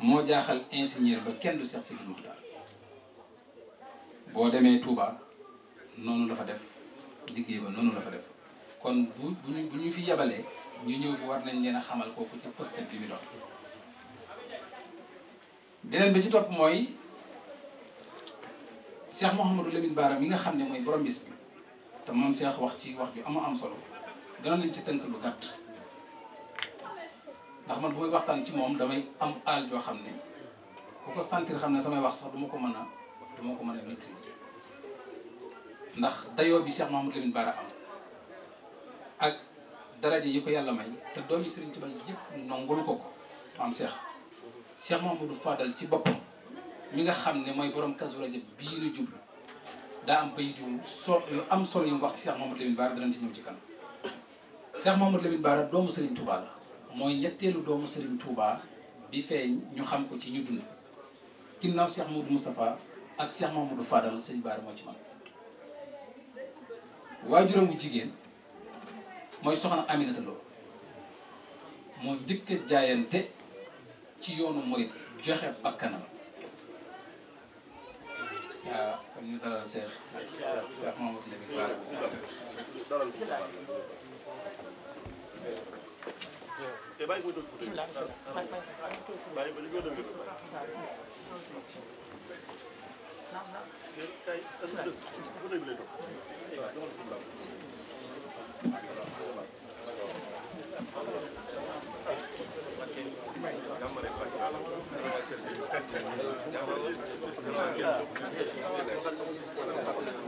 moo jaaxal ingénieur ba kenn du Cheikh Sidi Mokhtar boo demee Touba noonu la fa def liggéey ba noonu la fa def kon bu bu bu fi yabalee ñu ñëw fi war nañ leen a xamal kooku ci poste bi mu doon beneen bi ci topp mooy Cheikh Mouhamadou Lamine baaram mi nga xam ne mooy borom bis bi te moom Cheikh wax ci wax bi amu am solo gënoon lañ ci tënk lu gàtt. ndax man bu may waxtaan ci moom damay am all joo xam ne ku ko sentir xam ne samay wax sax du ko mën a du ko mën a maîtriser ndax dayo bi Cheikh Mahamadou Lamine Bara am ak daraja yi yàlla may te doomi Serigne Touba yëpp nongul ko ko maam Cheikh Cheikh Mahamadou Fadal ci boppam mi nga xam ne mooy borom Kazu Rajab bii nu jublu daa am bayit yu so yu am solo yu wax ci Cheikh Mahamadou Lamine Bara danañ si ci kanam Cheikh Mahamadou Lamine Bara doomu Serigne tubaal mooy ñetteelu doomu Serigne Touba bi feeñ ñu xam ko ci ñu dund ginnaaw Cheikh Moudou Moustapha ak Cheikh Mamadou Fadal sëñ Baara moo ci mag waajuram bu jigéen mooy soxna Aminata Lo moo njëkk jaayante ci yoonu murit joxe bakkanam waaw kon ñu bàyyi ko dëgg bismillah ah. bàyyi ba li ko dëgg na na tay est-ce que bu dëgg lay doon Thank you.